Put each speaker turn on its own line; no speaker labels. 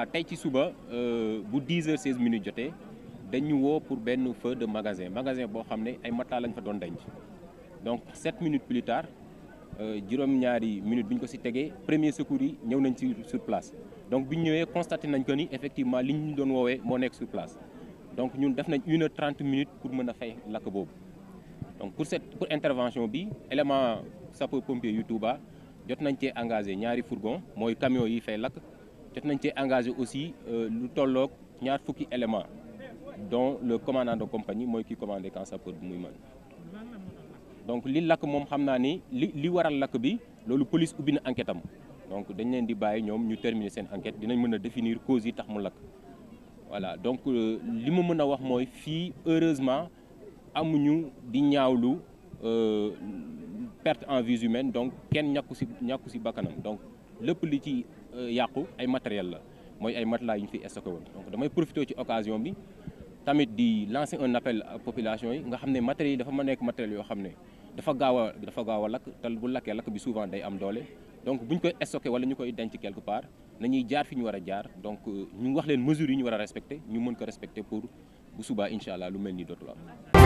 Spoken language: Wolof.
waaw euh, tey ci suba euh, bu 10 heures 16 minutes jotee dañ ñu woo pour benn feu de magasin magasin boo xam ne ay matelas lañ fa doon denc donc 7 minutes plus tard euh, juróom-ñaari minutes bi ñu ko si tegee premier secours yi ñëw nañ ci sur place donc bi ñu ñëwee constaté nañ ko ni effectivement li ñu doon woowee moo nekk sur place donc ñun def nañ une heure trente minutes pour mën a fay lakk boobu donc pour cette pour intervention bi élément sapeur pompier yu Touba jot nañ cee engagé ñaari fourgon mooy camion yi fay lakk jot nañ cee engagé aussi euh, lu tolloog ñaar fukki élément dont le commandant de compagnie mooy ki commandé camp sapeur bu muy man donc li lakk moom xam naa ni li li waral lakk bi loolu police ubbi na enquête am donc dañ leen di bàyyi ñoom ñu terminer seen enquête dinañ mën a définir cause yi tax mu lakk voilà donc euh, li ma mën a wax mooy fii heureusement amuñu di ñaawlu euh, perte en vies donc kenn ñàkku si ñàkku si bakkanam donc lépp li ci euh, yàqu ay matériel la mooy ay matelas yu ñu fi stocké woon donc damay profité ci occasion bi tamit di lancer un appel à population yi nga xam ne matériel yi dafa ma nekk matériel yoo xam ne dafa gaaw a dafa gaaw lakk te bu lakkee lakk bi souvent day am doole donc bu koy stocké wala ñu koy denc quelque part nañuy jaar fi ñu war a jaar donc euh, ñu wax leen mesures yi ñu war a respecté ñu mën ko respecté pour bu suba incha allah lu mel ni dootul am